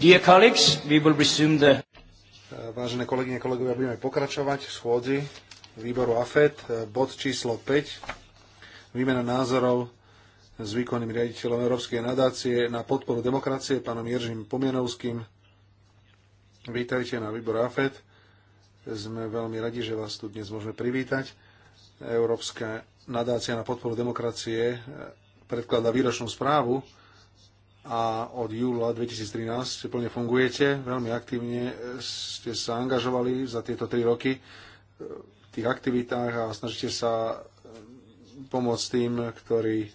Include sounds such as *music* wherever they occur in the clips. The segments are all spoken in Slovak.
Dear colleagues, we will resume the... Vážené kolegyne, kolegovia, budeme pokračovať v schôdzi výboru AFED, bod číslo 5, výmena názorov s výkonným riaditeľom Európskej nadácie na podporu demokracie, pánom Jeržím Pomienovským. Vítajte na výbor AFED. Sme veľmi radi, že vás tu dnes môžeme privítať. Európska nadácia na podporu demokracie predkladá výročnú správu a od júla 2013 plne fungujete. Veľmi aktívne ste sa angažovali za tieto tri roky v tých aktivitách a snažíte sa pomôcť tým, ktorí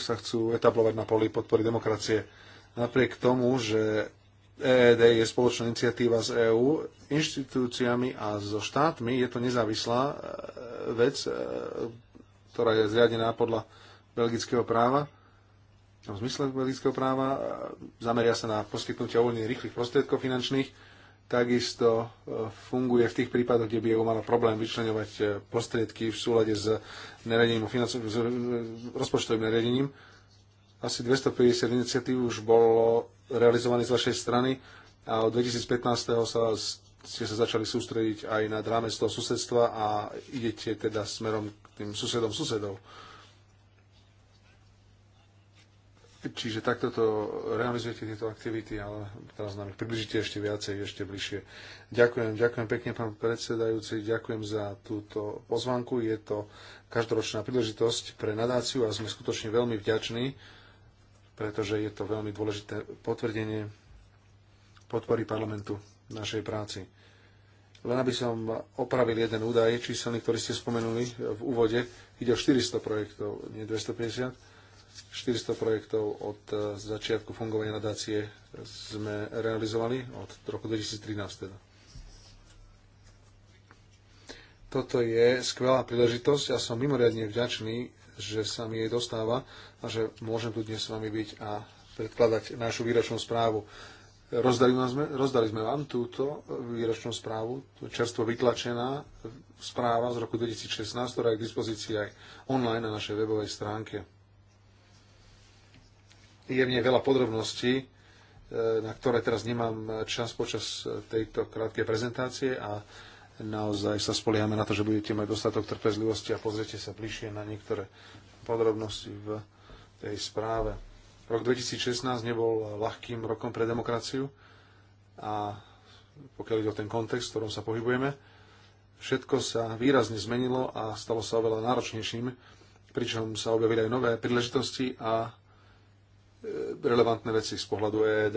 sa chcú etablovať na poli podpory demokracie. Napriek tomu, že EED je spoločná iniciatíva s EÚ, inštitúciami a so štátmi je to nezávislá e, vec, e, ktorá je zriadená podľa belgického práva, v zmysle belgického práva, zameria sa na poskytnutie uvoľnených rýchlych prostriedkov finančných, takisto e, funguje v tých prípadoch, kde by EU mala problém vyčlenovať e, prostriedky v súlade s, nariadením, s e, rozpočtovým nariadením. Asi 250 iniciatív už bolo realizovaných z vašej strany a od 2015. sa ste sa začali sústrediť aj na z toho susedstva a idete teda smerom k tým susedom susedov. Čiže takto to realizujete tieto aktivity, ale teraz nám ich približite ešte viacej, ešte bližšie. Ďakujem, ďakujem pekne, pán predsedajúci, ďakujem za túto pozvanku. Je to každoročná príležitosť pre nadáciu a sme skutočne veľmi vďační, pretože je to veľmi dôležité potvrdenie podpory parlamentu našej práci. Len aby som opravil jeden údaj číselný, ktorý ste spomenuli v úvode. Ide o 400 projektov, nie 250 400 projektov od e, začiatku fungovania nadácie sme realizovali od roku 2013 teda. Toto je skvelá príležitosť a ja som mimoriadne vďačný, že sa mi jej dostáva a že môžem tu dnes s vami byť a predkladať našu výročnú správu. Rozdali, sme, rozdali sme vám túto výročnú správu, čerstvo vytlačená správa z roku 2016, ktorá je k dispozícii aj online na našej webovej stránke je v nej veľa podrobností, e, na ktoré teraz nemám čas počas tejto krátkej prezentácie a naozaj sa spoliehame na to, že budete mať dostatok trpezlivosti a pozrite sa bližšie na niektoré podrobnosti v tej správe. Rok 2016 nebol ľahkým rokom pre demokraciu a pokiaľ ide o ten kontext, v ktorom sa pohybujeme, všetko sa výrazne zmenilo a stalo sa oveľa náročnejším, pričom sa objavili aj nové príležitosti a relevantné veci z pohľadu EED.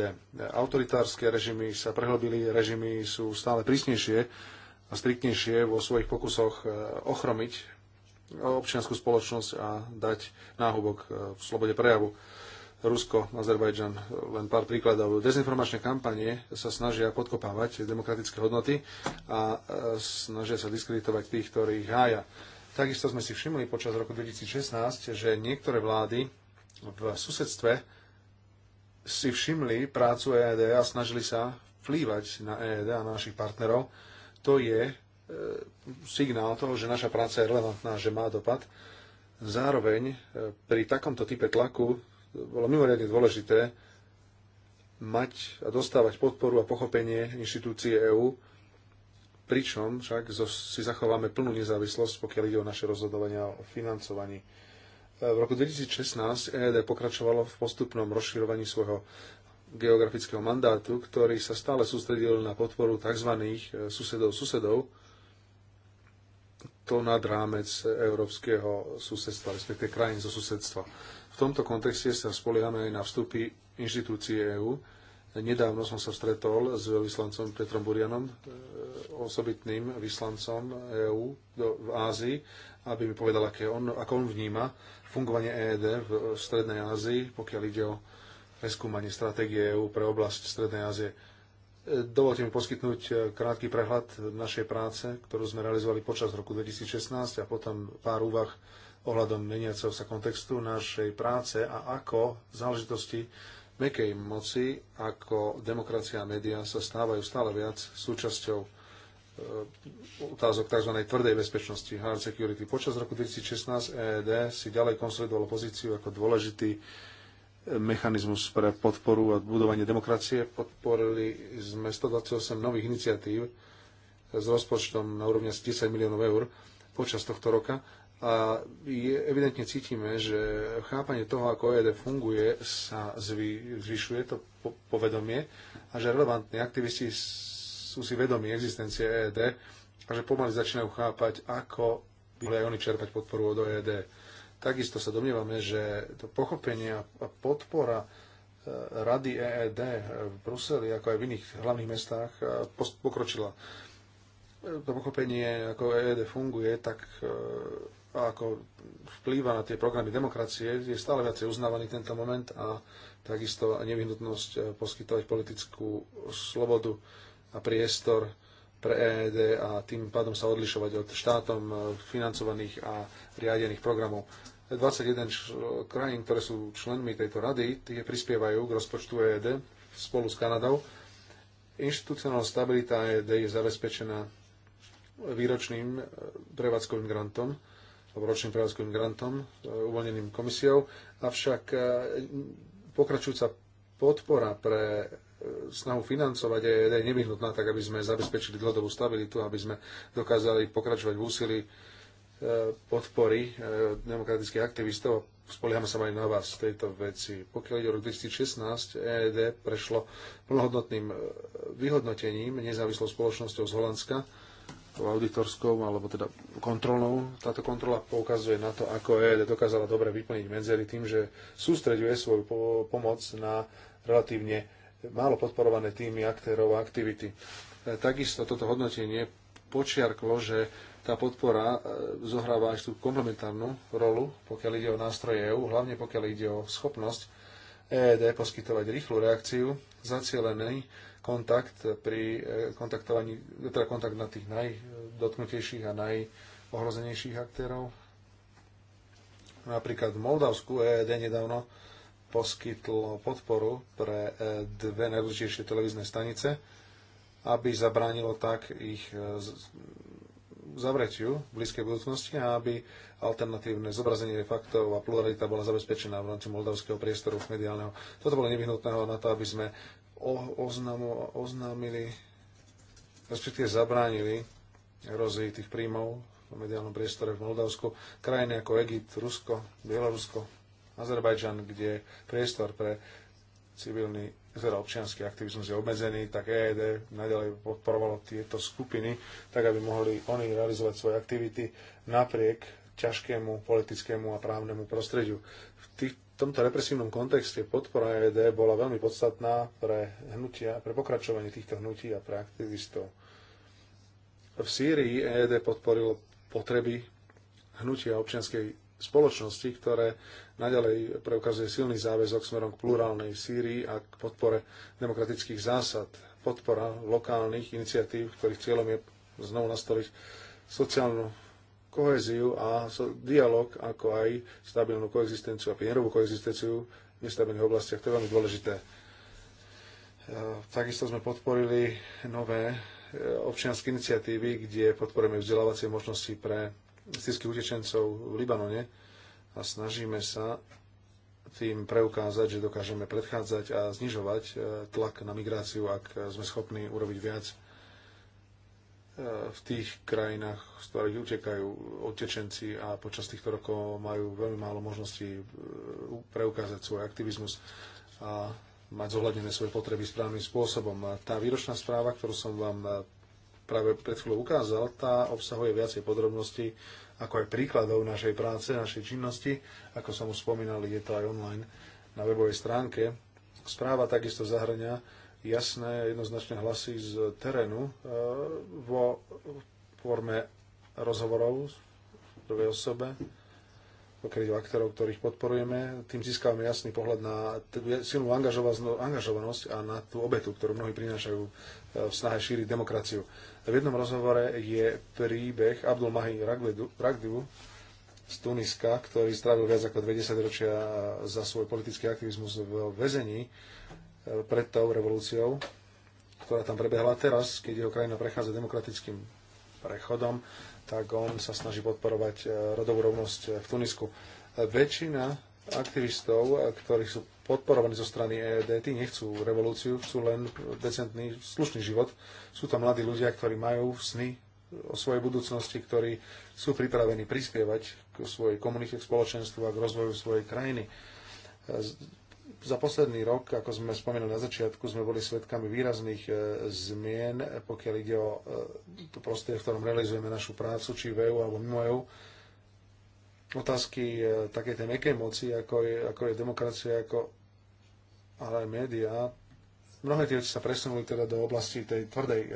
Autoritárske režimy sa prehlbili, režimy sú stále prísnejšie a striktnejšie vo svojich pokusoch e, ochromiť občianskú spoločnosť a dať náhubok e, v slobode prejavu. Rusko, Azerbajdžan, len pár príkladov. Dezinformačné kampanie sa snažia podkopávať demokratické hodnoty a e, snažia sa diskreditovať tých, ktorí ich hája. Takisto sme si všimli počas roku 2016, že niektoré vlády v susedstve si všimli prácu EED a snažili sa vplývať na EED a na našich partnerov, to je e, signál toho, že naša práca je relevantná, že má dopad. Zároveň e, pri takomto type tlaku bolo mimoriadne dôležité mať a dostávať podporu a pochopenie inštitúcie EÚ, pričom však si zachováme plnú nezávislosť, pokiaľ ide o naše rozhodovania o financovaní v roku 2016 EED pokračovalo v postupnom rozširovaní svojho geografického mandátu, ktorý sa stále sústredil na podporu tzv. E, susedov susedov, to nad rámec európskeho susedstva, respektive krajín zo susedstva. V tomto kontexte sa spoliehame aj na vstupy inštitúcií EÚ, Nedávno som sa stretol s vyslancom Petrom Burianom, e, osobitným vyslancom EÚ v Ázii, aby mi povedal, aké on, ako on vníma fungovanie EED v Strednej Ázii, pokiaľ ide o preskúmanie stratégie EÚ pre oblasť Strednej Ázie. E, dovolte mi poskytnúť e, krátky prehľad našej práce, ktorú sme realizovali počas roku 2016 a potom pár úvah ohľadom meniaceho sa kontextu našej práce a ako záležitosti mekej moci ako demokracia a médiá sa stávajú stále viac súčasťou e, otázok tzv. tvrdej bezpečnosti, hard security. Počas roku 2016 EED si ďalej konsolidoval pozíciu ako dôležitý e, mechanizmus pre podporu a budovanie demokracie. Podporili sme 128 nových iniciatív e, s rozpočtom na úrovni 10 miliónov eur počas tohto roka a evidentne cítime, že chápanie toho, ako OED funguje, sa zvy, zvyšuje to po, povedomie a že relevantní aktivisti sú si vedomi existencie EED a že pomaly začínajú chápať, ako by aj oni čerpať podporu od OED. Takisto sa domnievame, že to pochopenie a podpora e, rady EED v Bruseli, ako aj v iných hlavných mestách, e, pokročila. E, to pochopenie, ako EED funguje, tak ako vplýva na tie programy demokracie, je stále viacej uznávaný tento moment a takisto nevyhnutnosť eh, poskytovať politickú slobodu a priestor pre EED a tým pádom sa odlišovať od štátom eh, financovaných a riadených programov. 21 krajín, ktoré sú členmi tejto rady, tie prispievajú k rozpočtu EED spolu s Kanadou. Inštitucionálna stabilita EED je zabezpečená výročným eh, prevádzkovým grantom ročným prevádzkovým grantom e, uvoľneným komisiou, avšak e, pokračujúca podpora pre e, snahu financovať je nevyhnutná, tak aby sme zabezpečili dlhodobú stabilitu, aby sme dokázali pokračovať v úsilí podpory demokratických aktivistov. Spoliehame sa aj na vás v tejto veci. Pokiaľ ide o rok 2016, EED prešlo plnohodnotným vyhodnotením nezávislou spoločnosťou z Holandska auditorskou alebo teda kontrolnou. Táto kontrola poukazuje na to, ako EED dokázala dobre vyplniť medzery tým, že sústreďuje svoju pomoc na relatívne málo podporované týmy aktérov a aktivity. E, takisto toto hodnotenie počiarklo, že tá podpora e, zohráva aj tú komplementárnu rolu, pokiaľ ide o nástroje EU, hlavne pokiaľ ide o schopnosť EED poskytovať rýchlu reakciu, zacielený kontakt pri eh, kontaktovaní, teda kontakt na tých najdotknutejších a najohrozenejších aktérov. Napríklad v Moldavsku EED nedávno poskytlo podporu pre e e dve najdôležitejšie televízne stanice, aby zabránilo tak ich eh, zavretiu v blízkej budúcnosti a aby alternatívne zobrazenie faktov a pluralita bola zabezpečená v rámci moldavského priestoru mediálneho. Toto bolo nevyhnutné na to, aby sme oznamo, oznámili, respektíve zabránili erozii tých príjmov v mediálnom priestore v Moldavsku. Krajiny ako Egypt, Rusko, Bielorusko, Azerbajdžan, kde priestor pre civilný, teda občianský aktivizmus je obmedzený, tak EED nadalej podporovalo tieto skupiny, tak aby mohli oni realizovať svoje aktivity napriek ťažkému politickému a právnemu prostrediu. V tých, tomto represívnom kontexte podpora EED bola veľmi podstatná pre hnutia, pre pokračovanie týchto hnutí a pre aktivistov. V Sýrii EED podporilo potreby hnutia občianskej spoločnosti, ktoré naďalej preukazuje silný záväzok smerom k plurálnej Sýrii a k podpore demokratických zásad, podpora lokálnych iniciatív, ktorých cieľom je znovu nastoliť sociálnu koheziu a dialog, ako aj stabilnú koexistenciu a pierovú koexistenciu v nestabilných oblastiach. To je veľmi dôležité. E, takisto sme podporili nové e, občianske iniciatívy, kde podporujeme vzdelávacie možnosti pre sírskych utečencov v Libanone a snažíme sa tým preukázať, že dokážeme predchádzať a znižovať e, tlak na migráciu, ak sme schopní urobiť viac v tých krajinách, z ktorých utekajú odtečenci a počas týchto rokov majú veľmi málo možností e, preukázať svoj aktivizmus a mať zohľadnené svoje potreby správnym spôsobom. Tá výročná správa, ktorú som vám e, práve pred chvíľou ukázal, tá obsahuje viacej podrobností, ako aj príkladov našej práce, našej činnosti. Ako som už spomínal, je to aj online na webovej stránke. Správa takisto zahrňa jasné, jednoznačné hlasy z terénu e, vo forme rozhovorov v prvej osobe, pokryť aktérov, ktorých podporujeme. Tým získavame jasný pohľad na silnú angažovanosť a na tú obetu, ktorú mnohí prinášajú e, v snahe šíriť demokraciu. V jednom rozhovore je príbeh Abdul Mahi Ragdu z Tuniska, ktorý strávil viac ako 20 ročia za svoj politický aktivizmus v väzení E, pred tou revolúciou, ktorá tam prebehla teraz, keď jeho krajina prechádza demokratickým prechodom, tak on sa snaží podporovať e, rodovú rovnosť e, v Tunisku. Väčšina aktivistov, ktorí sú podporovaní zo strany EED, tí nechcú revolúciu, chcú len decentný, slušný život. Sú to mladí ľudia, ktorí majú sny o svojej budúcnosti, ktorí sú pripravení prispievať k svojej komunite, k spoločenstvu a k rozvoju svojej krajiny za posledný rok, ako sme spomenuli na začiatku, sme boli svedkami výrazných e, zmien, pokiaľ ide o e, to prostredie, v ktorom realizujeme našu prácu, či v EU alebo mimo EU. Otázky e, takej tej mekej moci, ako je, ako je demokracia, ako ale aj médiá, mnohé tie veci sa presunuli teda do oblasti tej tvrdej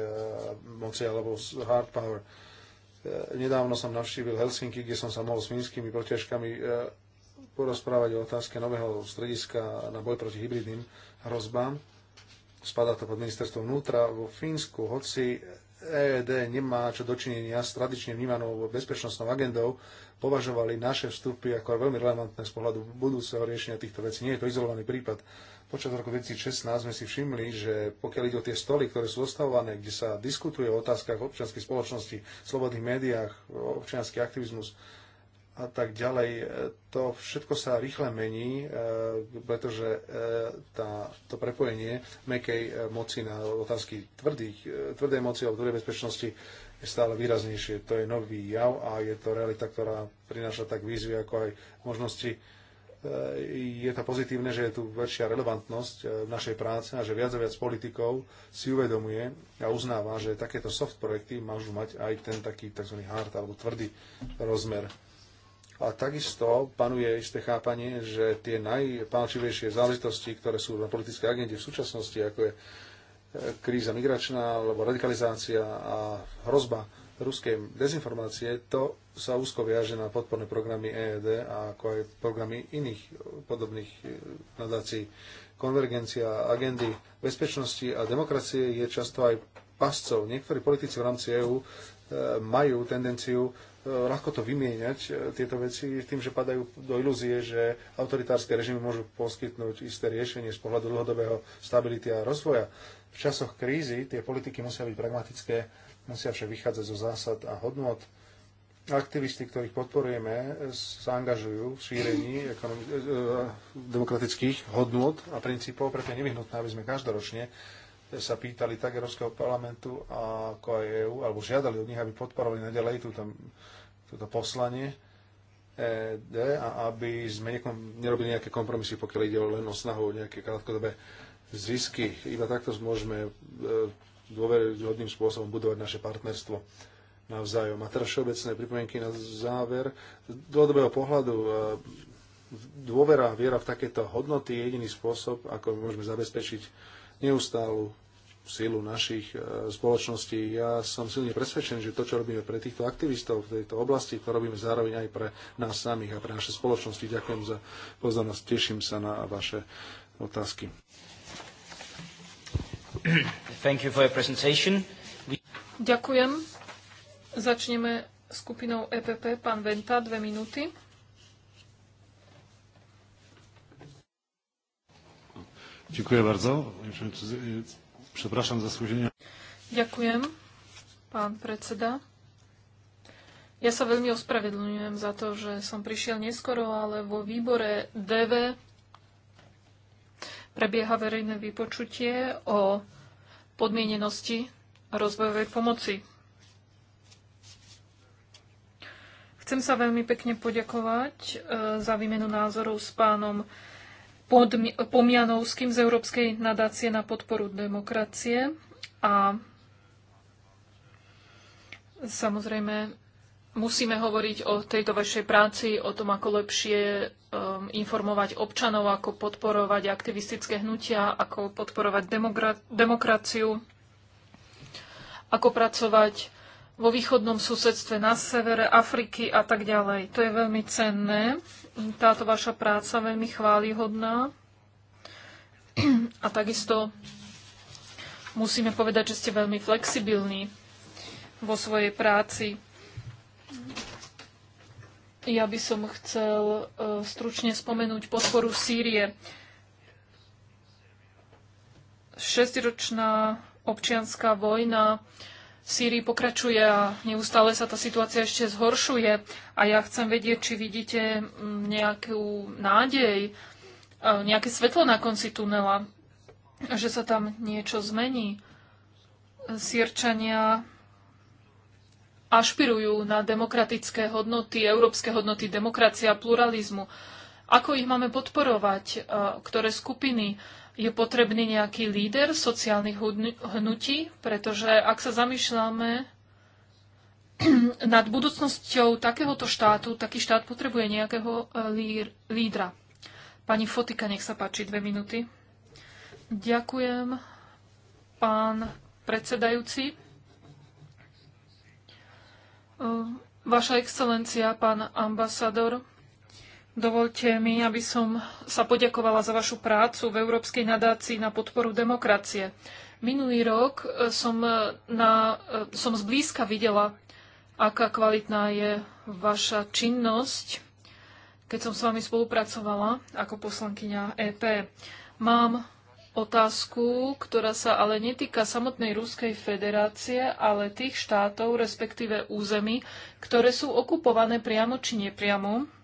moci alebo hard power. Nedávno som navštívil Helsinky, kde som sa mohol s fínskymi protiažkami porozprávať o otázke nového strediska na boj proti hybridným hrozbám. Spadá to pod ministerstvo vnútra vo Fínsku, hoci EED nemá čo dočinenia s tradične vnímanou bezpečnostnou agendou, považovali naše vstupy ako veľmi relevantné z pohľadu budúceho riešenia týchto vecí. Nie je to izolovaný prípad. Počas roku 2016 sme si všimli, že pokiaľ ide o tie stoly, ktoré sú zostavované, kde sa diskutuje o otázkach občianskej spoločnosti, slobodných médiách, občianský aktivizmus, a tak ďalej. E, to všetko sa rýchle mení, e, pretože e, tá, to prepojenie mekej moci na otázky tvrdých, tvrdej moci alebo tvrdej bezpečnosti je stále výraznejšie. To je nový jav a je to realita, ktorá prináša tak výzvy, ako aj možnosti. Je to pozitívne, že je tu väčšia relevantnosť v našej práce a že viac a viac politikov si uvedomuje a uznáva, že takéto soft projekty môžu mať aj ten taký tzv. hard alebo tvrdý rozmer a takisto panuje isté chápanie, že tie najpálčivejšie záležitosti, ktoré sú na politickej agende v súčasnosti, ako je e, kríza migračná alebo radikalizácia a hrozba ruskej dezinformácie, to sa úzko viaže na podporné programy EED a ako aj programy iných podobných e, nadácií. Konvergencia agendy bezpečnosti a demokracie je často aj pascov. Niektorí politici v rámci EÚ e, majú tendenciu e, ľahko to vymieňať, e, tieto veci, tým, že padajú do ilúzie, že autoritárske režimy môžu poskytnúť isté riešenie z pohľadu dlhodobého stability a rozvoja. V časoch krízy tie politiky musia byť pragmatické, musia však vychádzať zo zásad a hodnot. Aktivisti, ktorých podporujeme, sa angažujú v šírení demokratických hodnot a princípov, preto je nevyhnutné, aby sme každoročne sa pýtali tak Európskeho parlamentu ako aj EÚ, alebo žiadali od nich, aby podporovali naďalej túto, túto poslanie ED a aby sme nekom, nerobili nejaké kompromisy, pokiaľ ide len o snahu o nejaké krátkodobé zisky. Iba takto môžeme e, dôveryhodným spôsobom budovať naše partnerstvo navzájom. A teraz všeobecné pripomienky na záver. Z dlhodobého pohľadu e, dôvera a viera v takéto hodnoty je jediný spôsob, ako môžeme zabezpečiť neustálu silu našich e, spoločností. Ja som silne presvedčený, že to, čo robíme pre týchto aktivistov v tejto oblasti, to robíme zároveň aj pre nás samých a pre naše spoločnosti. Ďakujem za pozornosť, teším sa na vaše otázky. Thank you for your presentation. We... Ďakujem. Začneme skupinou EPP. Pán Venta, dve minúty. Dziękuję bardzo. panie przewodniczący. Przepraszam za spóźnienie. Ďakujem, pán predseda. Ja sa veľmi ospravedlňujem za to, že som prišiel neskoro, ale vo výbore DV prebieha verejné vypočutie o podmienenosti rozvojovej pomoci. Chcem sa veľmi pekne poďakovať e, za výmenu názorov s pánom Podmi- Pomianovským z Európskej nadácie na podporu demokracie a samozrejme musíme hovoriť o tejto vašej práci, o tom, ako lepšie um, informovať občanov, ako podporovať aktivistické hnutia, ako podporovať demokra- demokraciu, ako pracovať vo východnom susedstve, na severe Afriky a tak ďalej. To je veľmi cenné. Táto vaša práca veľmi chválihodná. A takisto musíme povedať, že ste veľmi flexibilní vo svojej práci. Ja by som chcel e, stručne spomenúť podporu Sýrie. Šestiročná občianská vojna Sýrii pokračuje a neustále sa tá situácia ešte zhoršuje. A ja chcem vedieť, či vidíte mm, nejakú nádej, e, nejaké svetlo na konci tunela, že sa tam niečo zmení. Sýrčania ašpirujú na demokratické hodnoty, európske hodnoty demokracia, pluralizmu. Ako ich máme podporovať? E, ktoré skupiny? je potrebný nejaký líder sociálnych hnutí, pretože ak sa zamýšľame *clears throat* nad budúcnosťou takéhoto štátu, taký štát potrebuje nejakého e, lídra. Pani Fotika, nech sa páči, dve minúty. Ďakujem, pán predsedajúci. E, vaša excelencia, pán ambasador, Dovolte mi, aby som sa poďakovala za vašu prácu v Európskej nadácii na podporu demokracie. Minulý rok e, som, e, na, e, som zblízka videla, aká kvalitná je vaša činnosť, keď som s vami spolupracovala ako poslankyňa EP. Mám otázku, ktorá sa ale netýka samotnej Ruskej federácie, ale tých štátov, respektíve území, ktoré sú okupované priamo či nepriamo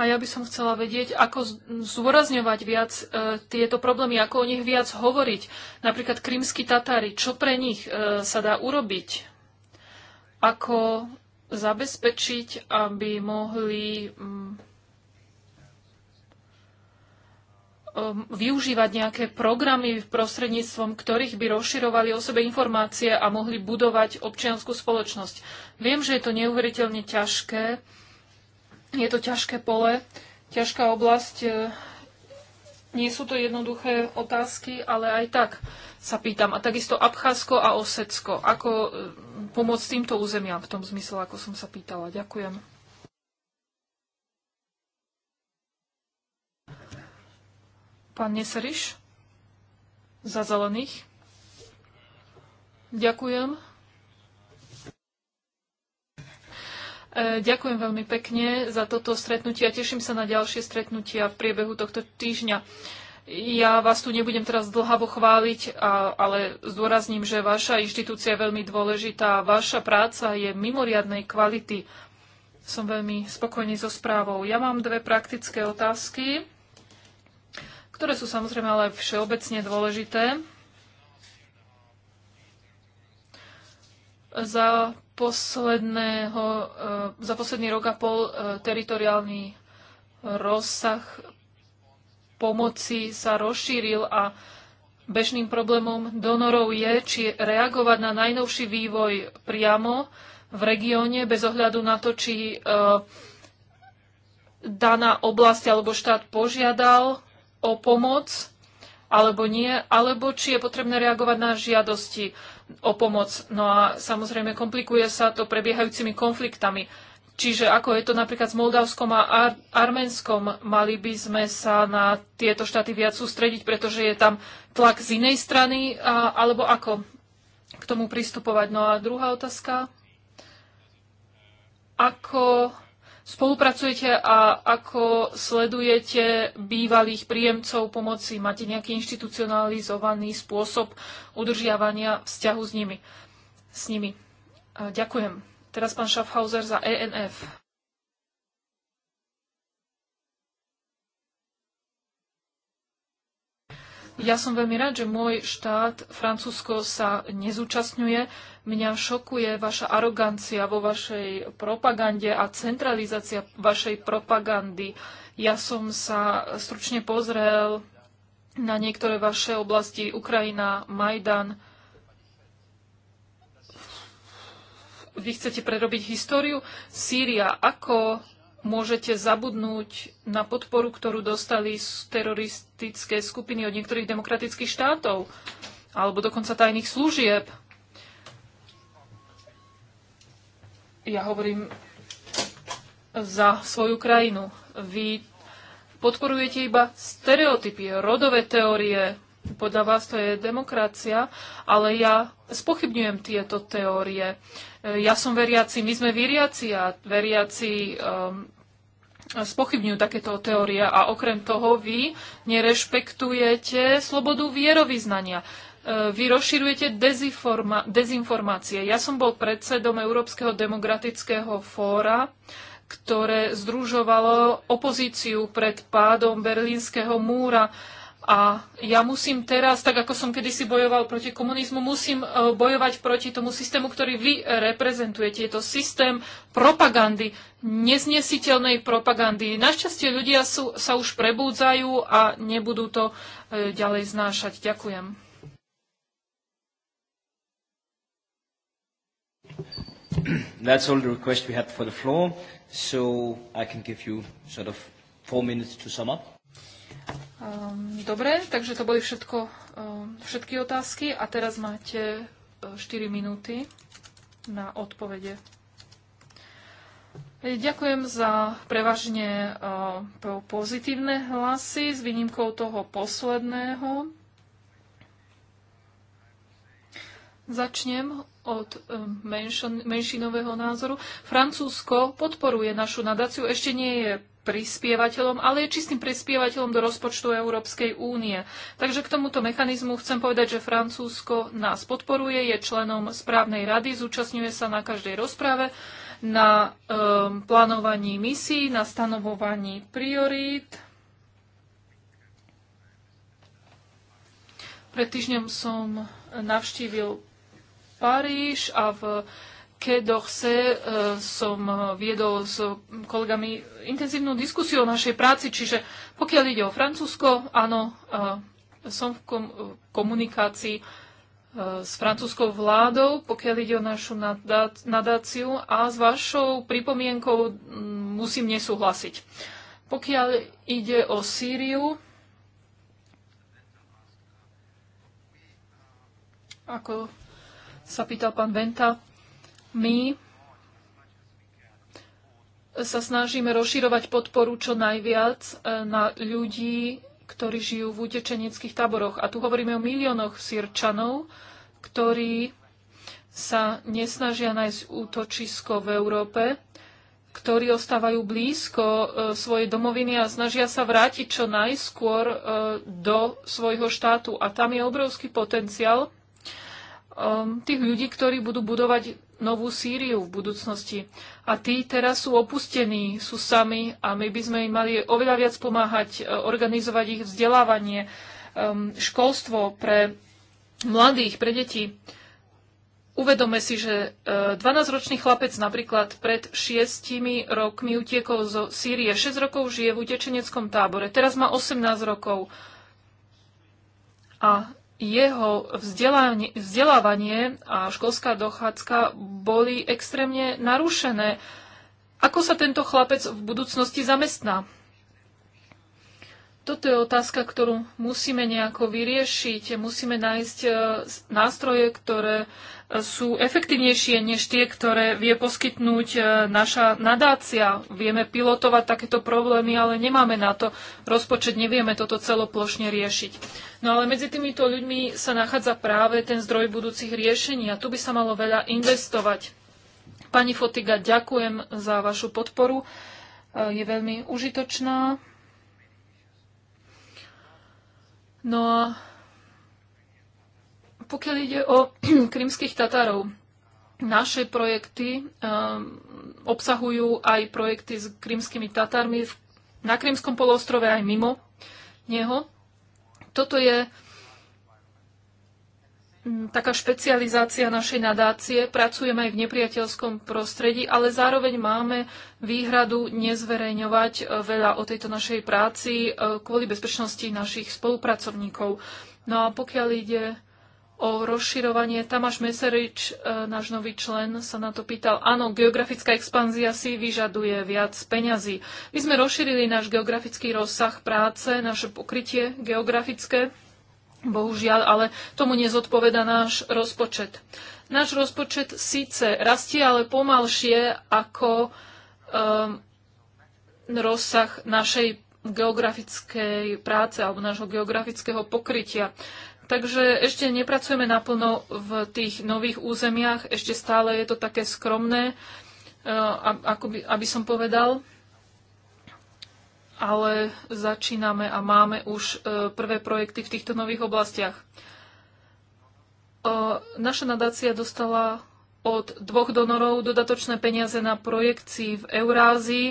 A ja by som chcela vedieť, ako zúrazňovať viac e, tieto problémy, ako o nich viac hovoriť. Napríklad krímsky Tatári, čo pre nich e, sa dá urobiť? Ako zabezpečiť, aby mohli m, mm, m, využívať nejaké programy, prostredníctvom ktorých by rozširovali o sebe informácie a mohli budovať občianskú spoločnosť. Viem, že je to neuveriteľne ťažké, je to ťažké pole, ťažká oblasť. E, nie sú to jednoduché otázky, ale aj tak sa pýtam. A takisto Abcházsko a Osecko. Ako e, pomôcť týmto územiam v tom zmysle, ako som sa pýtala. Ďakujem. Pán Neseriš? Za zelených? Ďakujem. E, ďakujem veľmi pekne za toto stretnutie a teším sa na ďalšie stretnutia v priebehu tohto týždňa. Ja vás tu nebudem teraz dlhavo chváliť, ale zdôrazním, že vaša inštitúcia je veľmi dôležitá. Vaša práca je mimoriadnej kvality. Som veľmi spokojný so správou. Ja mám dve praktické otázky, ktoré sú samozrejme ale všeobecne dôležité. Za posledného, eh, za posledný rok a pol eh, teritoriálny rozsah pomoci sa rozšíril a bežným problémom donorov je, či reagovať na najnovší vývoj priamo v regióne, bez ohľadu na to, či eh, daná oblasť alebo štát požiadal o pomoc alebo nie, alebo či je potrebné reagovať na žiadosti o pomoc. No a samozrejme komplikuje sa to prebiehajúcimi konfliktami. Čiže ako je to napríklad s Moldavskom a Ar- Arménskom, mali by sme sa na tieto štáty viac sústrediť, pretože je tam tlak z inej strany, a, alebo ako k tomu pristupovať. No a druhá otázka. Ako spolupracujete a ako sledujete bývalých príjemcov pomoci? Máte nejaký inštitucionalizovaný spôsob udržiavania vzťahu s nimi? S nimi. Ďakujem. Teraz pán Schaffhauser za ENF. Ja som veľmi rád, že môj štát, Francúzsko, sa nezúčastňuje. Mňa šokuje vaša arogancia vo vašej propagande a centralizácia vašej propagandy. Ja som sa stručne pozrel na niektoré vaše oblasti Ukrajina, Majdan. Vy chcete prerobiť históriu? Sýria, ako môžete zabudnúť na podporu, ktorú dostali teroristické skupiny od niektorých demokratických štátov alebo dokonca tajných služieb. Ja hovorím za svoju krajinu. Vy podporujete iba stereotypy, rodové teórie, podľa vás to je demokracia, ale ja spochybňujem tieto teórie. E, ja som veriaci, my sme veriaci a veriaci um, spochybňujú takéto teórie a okrem toho vy nerešpektujete slobodu vierovýznania. E, vy rozširujete dezinformácie. Ja som bol predsedom Európskeho demokratického fóra, ktoré združovalo opozíciu pred pádom Berlínskeho múra a ja musím teraz, tak ako som kedysi bojoval proti komunizmu, musím e, bojovať proti tomu systému, ktorý vy e, reprezentujete. Je to systém propagandy, neznesiteľnej propagandy. Našťastie ľudia sú, sa už prebúdzajú a nebudú to e, ďalej znášať. Ďakujem. That's all the request we had for the floor, so I can give you sort of four minutes to sum up. Ehm, dobre, takže to boli všetko, ehm, všetky otázky a teraz máte 4 e, minúty na odpovede. E, ďakujem za prevažne e, pozitívne hlasy s výnimkou toho posledného. Začnem od menšinového názoru. Francúzsko podporuje našu nadáciu. Ešte nie je prispievateľom, ale je čistým prispievateľom do rozpočtu Európskej únie. Takže k tomuto mechanizmu chcem povedať, že Francúzsko nás podporuje, je členom správnej rady, zúčastňuje sa na každej rozprave, na um, plánovaní misií, na stanovovaní priorít. Pred týždňom som navštívil Paríž a v Kedorse e, som viedol s kolegami intenzívnu diskusiu o našej práci, čiže pokiaľ ide o Francúzsko, áno, e, som v komunikácii e, s francúzskou vládou, pokiaľ ide o našu nadáciu a s vašou pripomienkou musím nesúhlasiť. Pokiaľ ide o Sýriu, ako sa pýtal pán Venta, my sa snažíme rozširovať podporu čo najviac e, na ľudí, ktorí žijú v utečeneckých táboroch. A tu hovoríme o miliónoch sírčanov, ktorí sa nesnažia nájsť útočisko v Európe, ktorí ostávajú blízko e, svojej domoviny a snažia sa vrátiť čo najskôr e, do svojho štátu. A tam je obrovský potenciál tých ľudí, ktorí budú budovať novú Sýriu v budúcnosti. A tí teraz sú opustení, sú sami a my by sme im mali oveľa viac pomáhať, e, organizovať ich vzdelávanie, e, školstvo pre mladých, pre deti. Uvedome si, že 12-ročný e, chlapec napríklad pred šiestimi rokmi utiekol zo Sýrie. 6 rokov žije v utečeneckom tábore. Teraz má 18 rokov. A jeho vzdelávanie a školská dochádzka boli extrémne narušené. Ako sa tento chlapec v budúcnosti zamestná? Toto je otázka, ktorú musíme nejako vyriešiť. Musíme nájsť e, nástroje, ktoré e, sú efektívnejšie než tie, ktoré vie poskytnúť e, naša nadácia. Vieme pilotovať takéto problémy, ale nemáme na to rozpočet, nevieme toto celoplošne riešiť. No ale medzi týmito ľuďmi sa nachádza práve ten zdroj budúcich riešení a tu by sa malo veľa investovať. Pani Fotiga, ďakujem za vašu podporu. Je veľmi užitočná. No a pokiaľ ide o *clears throat* krymských Tatarov, naše projekty um, obsahujú aj projekty s krymskými Tatarmi v, na Krymskom polostrove aj mimo neho. Toto je Mm, taká špecializácia našej nadácie. Pracujeme aj v nepriateľskom prostredí, ale zároveň máme výhradu nezverejňovať e, veľa o tejto našej práci e, kvôli bezpečnosti našich spolupracovníkov. No a pokiaľ ide o rozširovanie, Tamáš Meserič, e, náš nový člen, sa na to pýtal. Áno, geografická expanzia si vyžaduje viac peňazí. My sme rozšírili náš geografický rozsah práce, naše pokrytie geografické Bohužiaľ, ale tomu nezodpoveda náš rozpočet. Náš rozpočet síce rastie, ale pomalšie ako um, rozsah našej geografickej práce alebo nášho geografického pokrytia. Takže ešte nepracujeme naplno v tých nových územiach, ešte stále je to také skromné, uh, ehm, aby, aby som povedal ale začíname a máme už e, prvé projekty v týchto nových oblastiach. E, naša nadácia dostala od dvoch donorov dodatočné peniaze na projekcii v Eurázii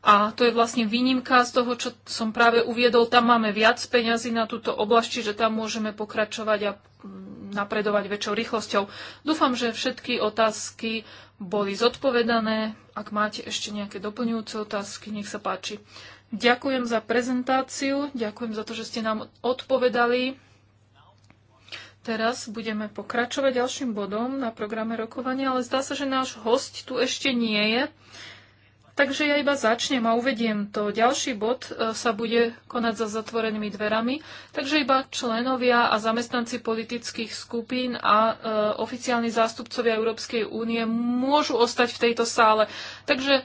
a to je vlastne výnimka z toho, čo som práve uviedol. Tam máme viac peňazí na túto oblasť, čiže tam môžeme pokračovať a mm, napredovať väčšou rýchlosťou. Dúfam, že všetky otázky boli zodpovedané. Ak máte ešte nejaké doplňujúce otázky, nech sa páči. Ďakujem za prezentáciu, ďakujem za to, že ste nám odpovedali. Teraz budeme pokračovať ďalším bodom na programe rokovania, ale zdá sa, že náš host tu ešte nie je. Takže ja iba začnem a uvediem to. Ďalší bod e, sa bude konať za zatvorenými dverami, takže iba členovia a zamestnanci politických skupín a e, oficiálni zástupcovia Európskej únie môžu ostať v tejto sále. Takže e,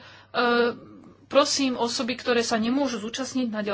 Prosím osoby, ktoré sa nemôžu zúčastniť na